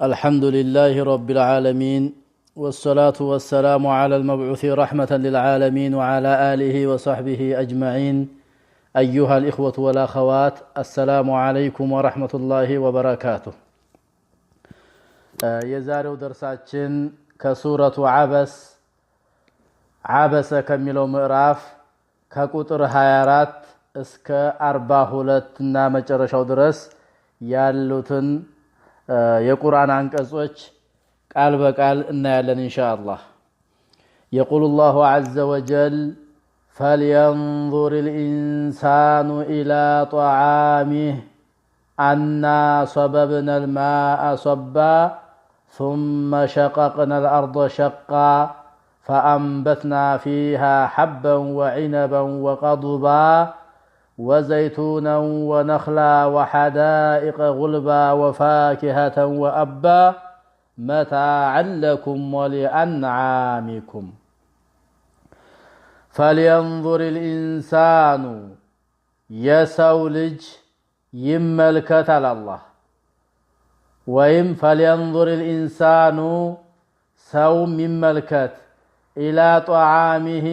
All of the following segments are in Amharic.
الحمد لله رب العالمين والصلاة والسلام على المبعوث رحمة للعالمين وعلى آله وصحبه أجمعين أيها الإخوة والأخوات السلام عليكم ورحمة الله وبركاته يزار درساتشن كسورة عبس عبس كمل ምዕራፍ ككتر هيرات اسك 42 እና መጨረሻው ድረስ ያሉትን عنك የቁርአን አንቀጾች ቃል إن شاء الله يقول الله عز وجل فلينظر الإنسان إلى طعامه أنا صببنا الماء صبا ثم شققنا الأرض شقا فأنبتنا فيها حبا وعنبا وقضبا وزيتونا ونخلا وحدائق غلبا وفاكهة وأبا متاعا لكم ولأنعامكم فلينظر الإنسان يسولج ልጅ ይመልከት الله አላህ። فلينظر الإنسان سوم ሰውም ይመልከት إلى طعامه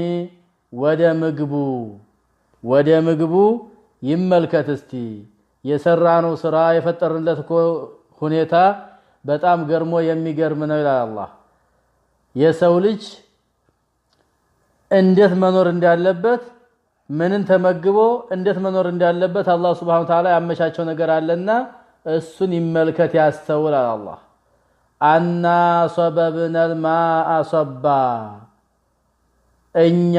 ودمقبو ወደ ምግቡ ይመልከት እስቲ። የሰራነው ስራ የፈጠርንለት እኮ ሁኔታ በጣም ገርሞ የሚገርም ነው ይላል አላህ። የሰው ልጅ እንዴት መኖር እንዳለበት ምንን ተመግቦ እንዴት መኖር እንዳለበት አላህ ሱብሓነሁ ወተዓላ ያመቻቸው ነገር አለና እሱን ይመልከት ያስተውላል አላህ አና ሰበብነል ማአ ሰባ እኛ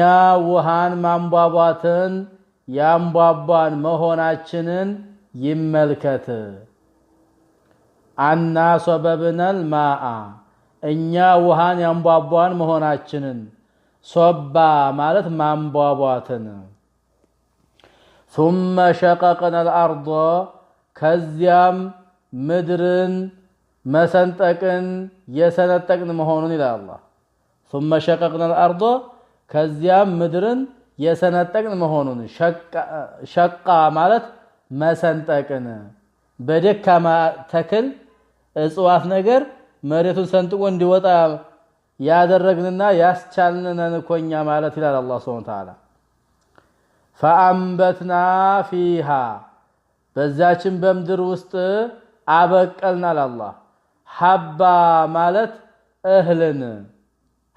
ውሃን ማንቧቧትን ያንቧቧን መሆናችንን ይመልከት። አና ሶበብነል ማአ እኛ ውሃን ያንቧቧን መሆናችንን ሶባ ማለት ማንቧቧትን ሱመ ሸቀቅነል አርዶ ከዚያም ምድርን መሰንጠቅን የሰነጠቅን መሆኑን ይላል አላህ ሱመ ሸቀቅነል አርዶ ከዚያም ምድርን የሰነጠቅን መሆኑን ሸቃ ማለት መሰንጠቅን በደካማ ተክል እጽዋት ነገር መሬቱን ሰንጥቆ እንዲወጣ ያደረግንና ያስቻልነን እኮ ማለት ይላል አላህ ሱብሓነሁ ወተዓላ። ፈአንበትና ፊሃ በዛችን በምድር ውስጥ አበቀልናል። አላህ ሀባ ማለት እህልን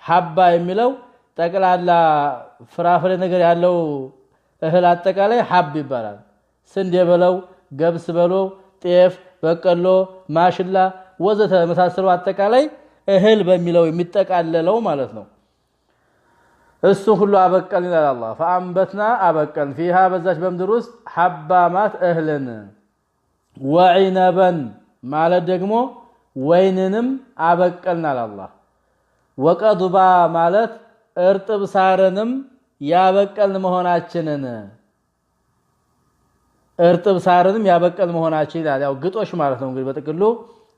ሀባ የሚለው ጠቅላላ ፍራፍሬ ነገር ያለው እህል አጠቃላይ ሀብ ይባላል። ስንዴ በለው፣ ገብስ በሎ፣ ጤፍ፣ በቀሎ፣ ማሽላ ወዘተ መሳሰሉ አጠቃላይ እህል በሚለው የሚጠቃለለው ማለት ነው። እሱ ሁሉ አበቀል ይላል አላ ፈአንበትና አበቀል ፊሃ በዛች በምድር ውስጥ ሀባማት እህልን ወዒነበን ማለት ደግሞ ወይንንም አበቀልናል አላ ወቀዱባ ማለት እርጥብ ሳርንም ያበቀልን መሆናችንን እርጥብ ሳርንም ያበቀል መሆናችን ይላል። ያው ግጦሽ ማለት ነው እንግዲህ በጥቅሉ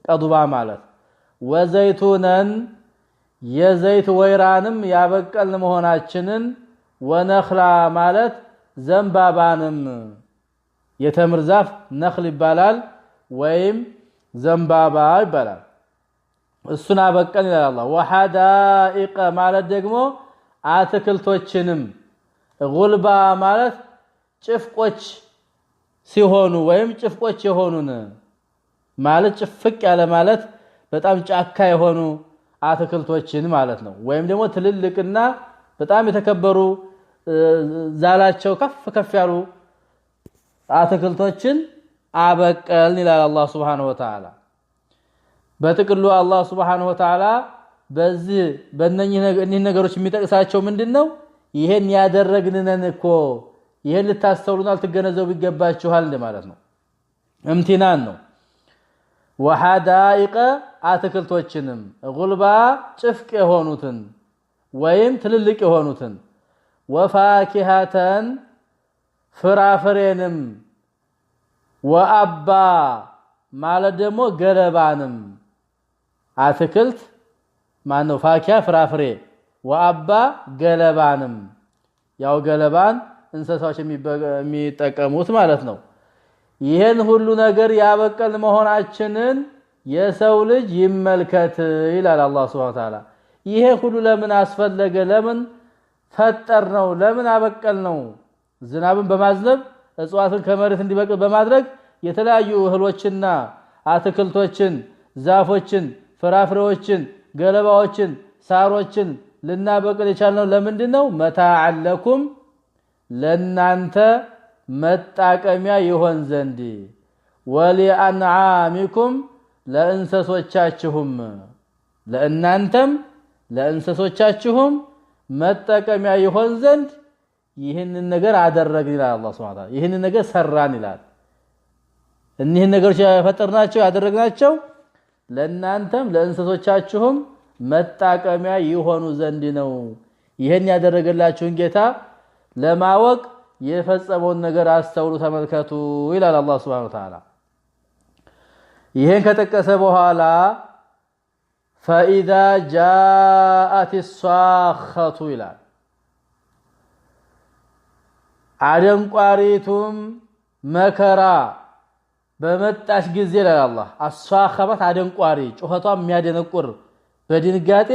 ቀዱባ ማለት ወዘይቱነን የዘይት ወይራንም ያበቀል መሆናችንን ወነኽላ ማለት ዘንባባንም የተምር ዛፍ ነኽል ይባላል ወይም ዘንባባ ይባላል። እሱን አበቀል ይላል አላህ። ወሐዳኢቀ ማለት ደግሞ አትክልቶችንም ጉልባ ማለት ጭፍቆች ሲሆኑ ወይም ጭፍቆች የሆኑን ማለት ጭፍቅ ያለ ማለት በጣም ጫካ የሆኑ አትክልቶችን ማለት ነው። ወይም ደግሞ ትልልቅና በጣም የተከበሩ ዛላቸው ከፍ ከፍ ያሉ አትክልቶችን አበቀልን ይላል አላህ ሱብሓነሁ ወተዓላ። በጥቅሉ አላህ ሱብሓነሁ ወተዓላ በዚህ በእነኚህ ነገሮች የሚጠቅሳቸው ምንድን ነው? ይሄን ያደረግንነን እኮ ይሄን ልታስተውሉና ልትገነዘቡ ይገባችኋል ማለት ነው። እምቲናን ነው። ወሐዳኢቀ አትክልቶችንም ጉልባ ጭፍቅ የሆኑትን ወይም ትልልቅ የሆኑትን ወፋኪሃተን ፍራፍሬንም ወአባ ማለት ደግሞ ገለባንም አትክልት ማነው ፋኪያ ፍራፍሬ ወአባ ገለባንም ያው ገለባን እንስሳዎች የሚጠቀሙት ማለት ነው። ይህን ሁሉ ነገር ያበቀል መሆናችንን የሰው ልጅ ይመልከት ይላል አላህ ሱብሓነሁ ወተዓላ። ይሄ ሁሉ ለምን አስፈለገ? ለምን ፈጠር ነው? ለምን አበቀል ነው? ዝናብን በማዝነብ እጽዋትን ከመሬት እንዲበቅል በማድረግ የተለያዩ እህሎችና አትክልቶችን፣ ዛፎችን፣ ፍራፍሬዎችን ገለባዎችን፣ ሳሮችን ልናበቅል የቻልነው ለምንድን ነው? መታዓን ለኩም ለናንተ መጣቀሚያ ይሆን ዘንድ ወሊአንዓሚኩም ለእንሰሶቻችሁም ለእናንተም ለእንሰሶቻችሁም መጠቀሚያ ይሆን ዘንድ ይህንን ነገር አደረግን ይላል አላህ ሱብሓነሁ ወተዓላ። ይህንን ነገር ሰራን ይላል። እኒህን ነገሮች ያፈጠርናቸው ያደረግናቸው ለእናንተም ለእንስሶቻችሁም መጣቀሚያ ይሆኑ ዘንድ ነው። ይህን ያደረገላችሁን ጌታ ለማወቅ የፈጸመውን ነገር አስተውሉ፣ ተመልከቱ ይላል አላህ ሱብሓነሁ ወተዓላ። ይህን ከጠቀሰ በኋላ ፈኢዛ ጃአት ሷኸቱ ይላል። አደንቋሪቱም መከራ በመጣች ጊዜ ይላል አላ አሷኸባት አደንቋሪ ጩኸቷ የሚያደነቁር በድንጋጤ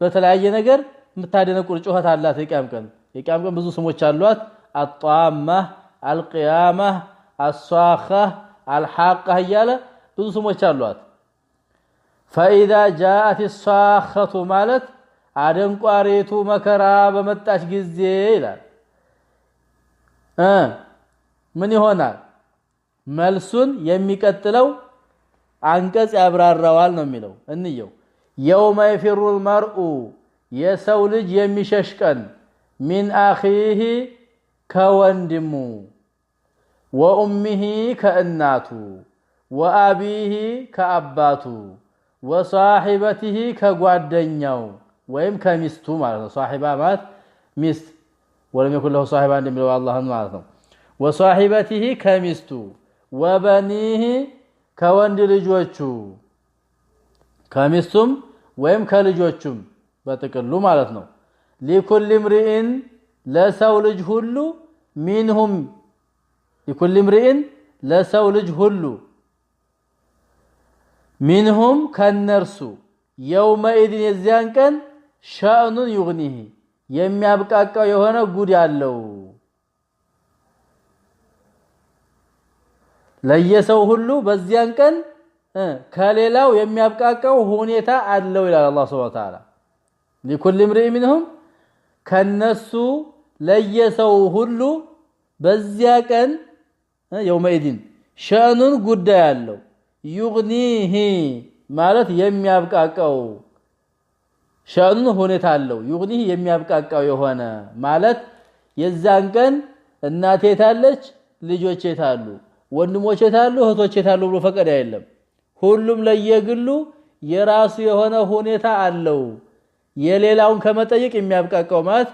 በተለያየ ነገር የምታደነቁር ጩኸት አላት። የቂያም ቀን የቂያም ቀን ብዙ ስሞች አሏት። አጧማህ፣ አልቅያማህ፣ አሷኻህ፣ አልሓቃህ እያለ ብዙ ስሞች አሏት። ፈኢዛ ጃአት ሷኸቱ ማለት አደንቋሪቱ መከራ በመጣች ጊዜ ይላል ምን ይሆናል? መልሱን የሚቀጥለው አንቀጽ ያብራራዋል ነው የሚለው። እንየው። የውመ የፊሩል መርኡ የሰው ልጅ የሚሸሽ ቀን ሚን አኺህ ከወንድሙ ወኡሚህ ከእናቱ ወአቢህ ከአባቱ ወሳሒበትህ ከጓደኛው ወይም ከሚስቱ ማለት ነው። ሳሒባ ማለት ሚስት ወለም የኩን ለሁ ሳሒባ እንደሚለው አላህን ማለት ነው። ወሳሒበትህ ከሚስቱ ወበኒህ ከወንድ ልጆቹ ከሚስቱም ወይም ከልጆቹም በጥቅሉ ማለት ነው። ሊኩል ምርኢን ለሰው ልጅ ሁሉ ሚንሁም ሊኩል ምርኢን ለሰው ልጅ ሁሉ ሚንሁም ከነርሱ የውመኢድን የዚያን ቀን ሸእኑን ዩግኒህ የሚያብቃቃው የሆነ ጉድ አለው። ለየሰው ሁሉ በዚያን ቀን ከሌላው የሚያብቃቀው ሁኔታ አለው ይላል አላህ ሱብሓነሁ ወተዓላ። ሊኩል ምርኢን ሚንሁም ከነሱ ለየሰው ሁሉ በዚያ ቀን የውመኢዲን ሸኑን ጉዳይ አለው። ዩግኒሂ ማለት የሚያብቃቀው ሸኑን ሁኔታ አለው። ዩግኒሂ የሚያብቃቀው የሆነ ማለት የዛን ቀን እናቴ የታለች ልጆቼ የታሉ ወንድሞች ታሉ እህቶች ታሉ ብሎ ፈቀደ አይደለም። ሁሉም ለየግሉ የራሱ የሆነ ሁኔታ አለው። የሌላውን ከመጠየቅ የሚያብቃቀው ማለት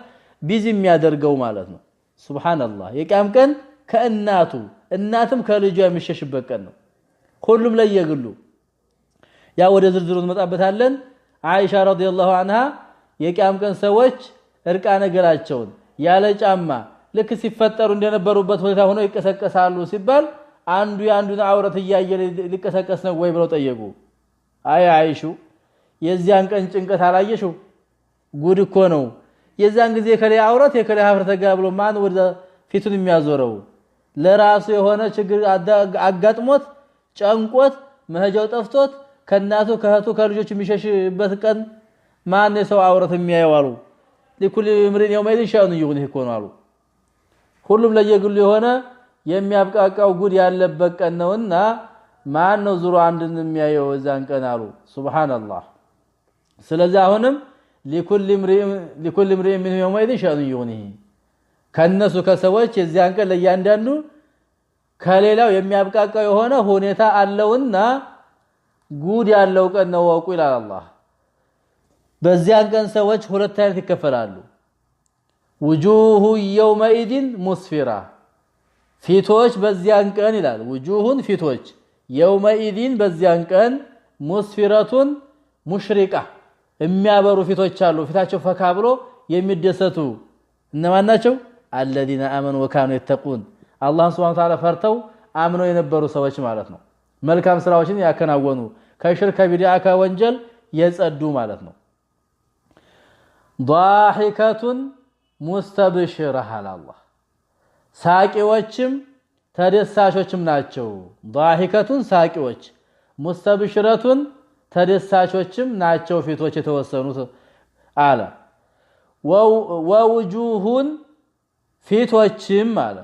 ቢዚ የሚያደርገው ማለት ነው። ሱብሃንአላህ የቂያም ቀን ከእናቱ እናትም ከልጇ የሚሸሽበት ቀን ነው። ሁሉም ለየግሉ ያ ወደ ዝርዝሩ እንመጣበታለን። አይሻ ረዲየላሁ አንሃ የቂያም ቀን ሰዎች እርቃ እግራቸውን ያለ ጫማ ልክ ሲፈጠሩ እንደነበሩበት ሁኔታ ሆነው ይቀሰቀሳሉ ሲባል አንዱ የአንዱን አውረት እያየ ሊቀሰቀስ ነው ወይ ብለው ጠየቁ። አይ አይሹ የዚያን ቀን ጭንቀት አላየሹ? ጉድ እኮ ነው። የዚያን ጊዜ የከሌ አውረት የከሌ ሀፍረት ተጋ ብሎ ማን ወደ ፊቱን የሚያዞረው ለራሱ የሆነ ችግር አጋጥሞት ጨንቆት መሄጃው ጠፍቶት ከእናቱ ከእህቱ ከልጆች የሚሸሽበት ቀን ማን የሰው አውረት የሚያየው አሉ። ሊኩል ምሪን የውመይድን ሻእኑ ይሁን ይህ እኮ ነው አሉ። ሁሉም ለየግሉ የሆነ የሚያብቃቃው ጉድ ያለበት ቀን ነውና ማን ነው ዙሮ አንድን የሚያየው እዛን ቀን አሉ። ሱብሃነላህ። ስለዚህ አሁንም ሊኩል ምርኢን ሚንሁም የውመኢዝን ሸእኑን ዩግኒህ ከነሱ ከሰዎች የዚያን ቀን ለእያንዳንዱ ከሌላው የሚያብቃቃው የሆነ ሁኔታ አለውና ጉድ ያለው ቀን ነው ወቁ ይላል አላህ። በዚያን ቀን ሰዎች ሁለት አይነት ይከፈላሉ። ውጁሁ የውመኢዝን ሙስፊራ ፊቶች በዚያን ቀን ይላል ውጁሁን ፊቶች የውመኢዲን በዚያን ቀን ሙስፊረቱን ሙሽሪቃ የሚያበሩ ፊቶች አሉ። ፊታቸው ፈካ ብሎ የሚደሰቱ እነማን ናቸው? አለዚነ አመኑ ወካኑ የተቁን አላህን ስብሐነ ወተዓላ ፈርተው አምነው የነበሩ ሰዎች ማለት ነው። መልካም ስራዎችን ያከናወኑ ከሽር ከቢድዓ ከወንጀል የጸዱ ማለት ነው። ዳሒከቱን ሙስተብሽራ على الله ሳቂዎችም ተደሳሾችም ናቸው። ዳሂከቱን ሳቂዎች፣ ሙስተብሽረቱን ተደሳሾችም ናቸው ፊቶች የተወሰኑት አለ። ወውጁሁን ፊቶችም አለ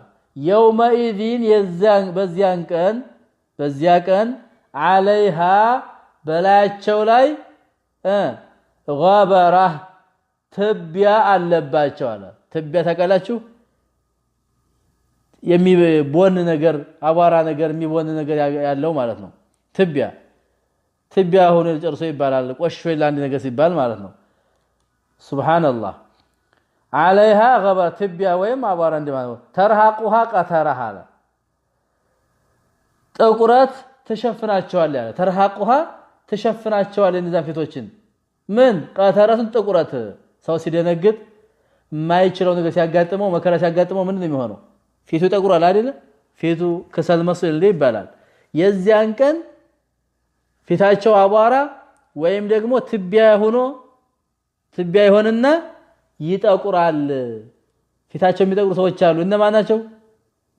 የውመኢዚን በዚያን ቀን በዚያ ቀን አለይሃ በላያቸው ላይ ገበራ ትቢያ አለባቸው አለ። ትቢያ ታውቃላችሁ? የሚቦን ነገር አቧራ ነገር የሚቦን ነገር ያለው ማለት ነው። ትቢያ ትቢያ ሆኖ ጨርሶ ይባላል። ቆሽሾ ለአንድ ነገር ሲባል ማለት ነው። ሱብሃንአላህ አለይሃ ገባ ትቢያ ወይም አቧራ እንደ ማለት ተርሃቁሃ ቀተራሃ አለ ጥቁረት ትሸፍናቸዋል ያለ ተርሃቁሃ ትሸፍናቸዋል እነዚያን ፊቶችን ምን ቀተረትን ጥቁረት ሰው ሲደነግጥ የማይችለው ነገር ሲያጋጥመው መከራ ሲያጋጥመው ምንድን ነው የሚሆነው? ፊቱ ይጠቁራል አይደለ? ፊቱ ከሰል መስል ይባላል። የዚያን ቀን ፊታቸው አቧራ ወይም ደግሞ ትቢያ ሆኖ ትቢያ ይሆንና ይጠቁራል። ፊታቸው የሚጠቁሩ ሰዎች አሉ። እነማን ናቸው?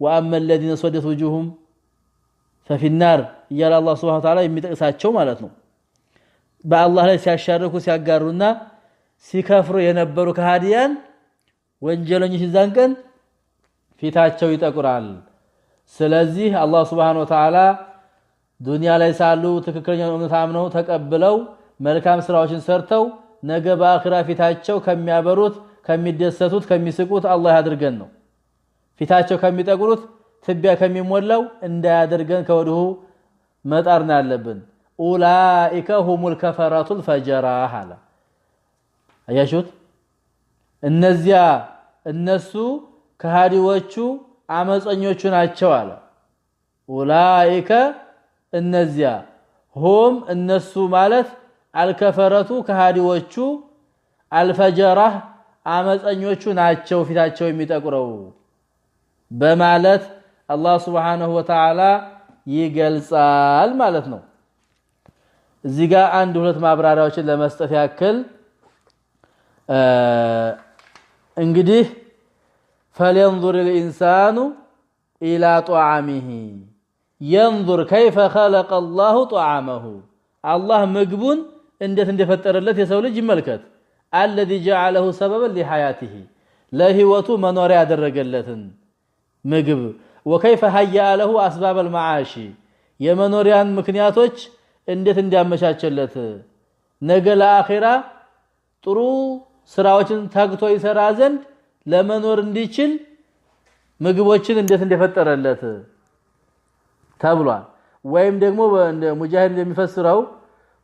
ወአመ ለዚነ ስወደት ውጁሁም ፈፊናር እያለ አላ ሱብሓነሁ ወተዓላ የሚጠቅሳቸው ማለት ነው። በአላህ ላይ ሲያሻርኩ ሲያጋሩና ሲከፍሩ የነበሩ ከሃዲያን ወንጀለኞች እዛን ቀን ፊታቸው ይጠቁራል። ስለዚህ አላህ ሱብሓነሁ ወተዓላ ዱንያ ላይ ሳሉ ትክክለኛ እምነት አምነው ተቀብለው መልካም ስራዎችን ሰርተው ነገ በአኺራ ፊታቸው ከሚያበሩት ከሚደሰቱት ከሚስቁት አላህ ያድርገን ነው። ፊታቸው ከሚጠቁሩት ትቢያ ከሚሞላው እንዳያደርገን ከወዲሁ መጣርና ያለብን። ኡላኢከ ሁሙል ከፈራቱል ፈጀራህ አለ። አያችሁት? እነዚያ እነሱ ከሃዲዎቹ አመፀኞቹ ናቸው አለ። ኡላኢከ እነዚያ ሆም እነሱ ማለት አልከፈረቱ ከሃዲዎቹ አልፈጀራህ አመፀኞቹ ናቸው ፊታቸው የሚጠቁረው በማለት አላህ Subhanahu Wa Ta'ala ይገልጻል ማለት ነው። እዚህ ጋር አንድ ሁለት ማብራሪያዎችን ለመስጠት ያክል እንግዲህ فلينظر الإنسان ኢላ طعامه ينظر كيف خلق الله طعامه الله مجبون እንዴት እንደፈጠረለት የሰው ልጅ ይመልከት الذي جعله سببا لحياته ለህይወቱ መኖሪያ ያደረገለትን ምግብ وكيف هيأ له أسباب المعاش የመኖሪያን ምክንያቶች እንዴት እንዲያመቻቸለት ነገ ለአኺራ ጥሩ ስራዎችን ተግቶ ይሰራ ዘንድ ለመኖር እንዲችል ምግቦችን እንዴት እንደፈጠረለት ተብሏል። ወይም ደግሞ ሙጃሂድ እንደሚፈስረው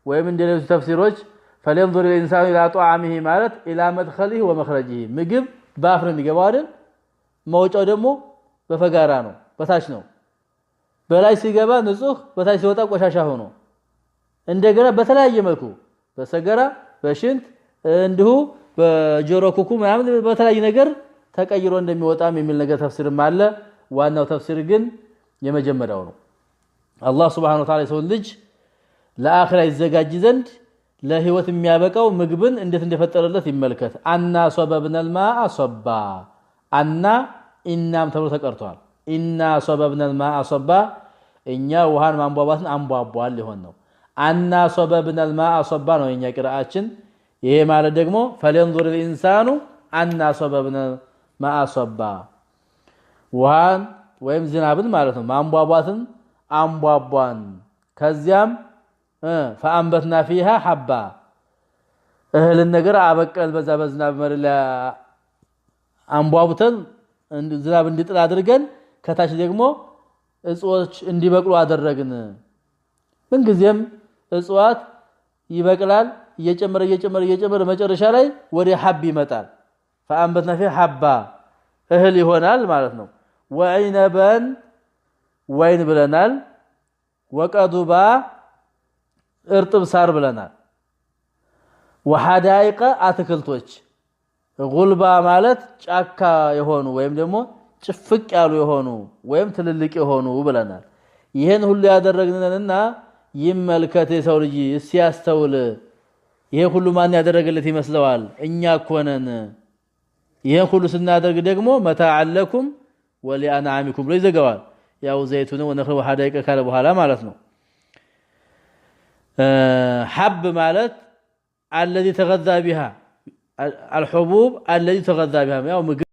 ወይም እንደሌሎች ተፍሲሮች ፈለንዙር ኢንሳኑ ኢላ ጧዓሚሂ ማለት ኢላ መድኸሊሂ ወመኽረጂሂ ምግብ በአፍ ነው የሚገባው አይደል? መውጫው ደግሞ በፈጋራ ነው፣ በታች ነው። በላይ ሲገባ ንጹህ፣ በታች ሲወጣ ቆሻሻ ሆኖ እንደገና በተለያየ መልኩ በሰገራ በሽንት እንዲሁ በጆሮ ኩኩ ምናምን በተለያዩ ነገር ተቀይሮ እንደሚወጣም የሚል ነገር ተፍሲርም አለ። ዋናው ተፍሲር ግን የመጀመሪያው ነው። አላህ ስብሓነሁ ወተዓላ የሰውን ልጅ ለአኺራ ይዘጋጅ ዘንድ ለህይወት የሚያበቃው ምግብን እንዴት እንደፈጠረለት ይመልከት። አና ሶበብነል ማአ ሶባ አና ኢናም ተብሎ ተቀርቷል። ኢና ሶበብነል ማአ ሶባ እኛ ውሃን ማንቧባትን አንቧቧል ሊሆን ነው። አና ሶበብነል ማአ ሶባ ነው የኛ ቅርአችን ይሄ ማለት ደግሞ ፈለንዙር ልኢንሳኑ አና ሶበብነ ማአሶባ ውሃን ወይም ዝናብን ማለት ነው ማንቧቧትን አንቧቧን ከዚያም ፈአንበትና ፊሃ ሐባ እህልን ነገር አበቀል በዛ በዝናብ መሬት አንቧቡተን ዝናብ እንዲጥል አድርገን ከታች ደግሞ እጽዎች እንዲበቅሉ አደረግን። ምንጊዜም እጽዋት ይበቅላል። እየጨመረ እየጨመረ እየጨመረ መጨረሻ ላይ ወደ ሀብ ይመጣል ፈአንበትና ፊ ሐባ እህል ይሆናል ማለት ነው ወዒነበን ወይን ብለናል ወቀዱባ እርጥብ ሳር ብለናል ወሐዳይቀ አትክልቶች ጉልባ ማለት ጫካ የሆኑ ወይም ደግሞ ጭፍቅ ያሉ የሆኑ ወይም ትልልቅ የሆኑ ብለናል ይህን ሁሉ ያደረግንንና ይመልከት የሰው ልጅ ሲያስተውል ይሄ ሁሉ ማን ያደረገለት ይመስለዋል? እኛ ኮነን ነን። ይሄን ሁሉ ስናደርግ ደግሞ አለኩም ወሊአንዓሚኩም ብሎ ይዘጋዋል። ያው ዘይቱን ወነኽል ወሐዳይቀ ካለ በኋላ ማለት ነው። ሐብ ማለት አለዚ ተገዛ ቢሃ አልሑቡብ አለዚ ተገዛ ቢሃ ያው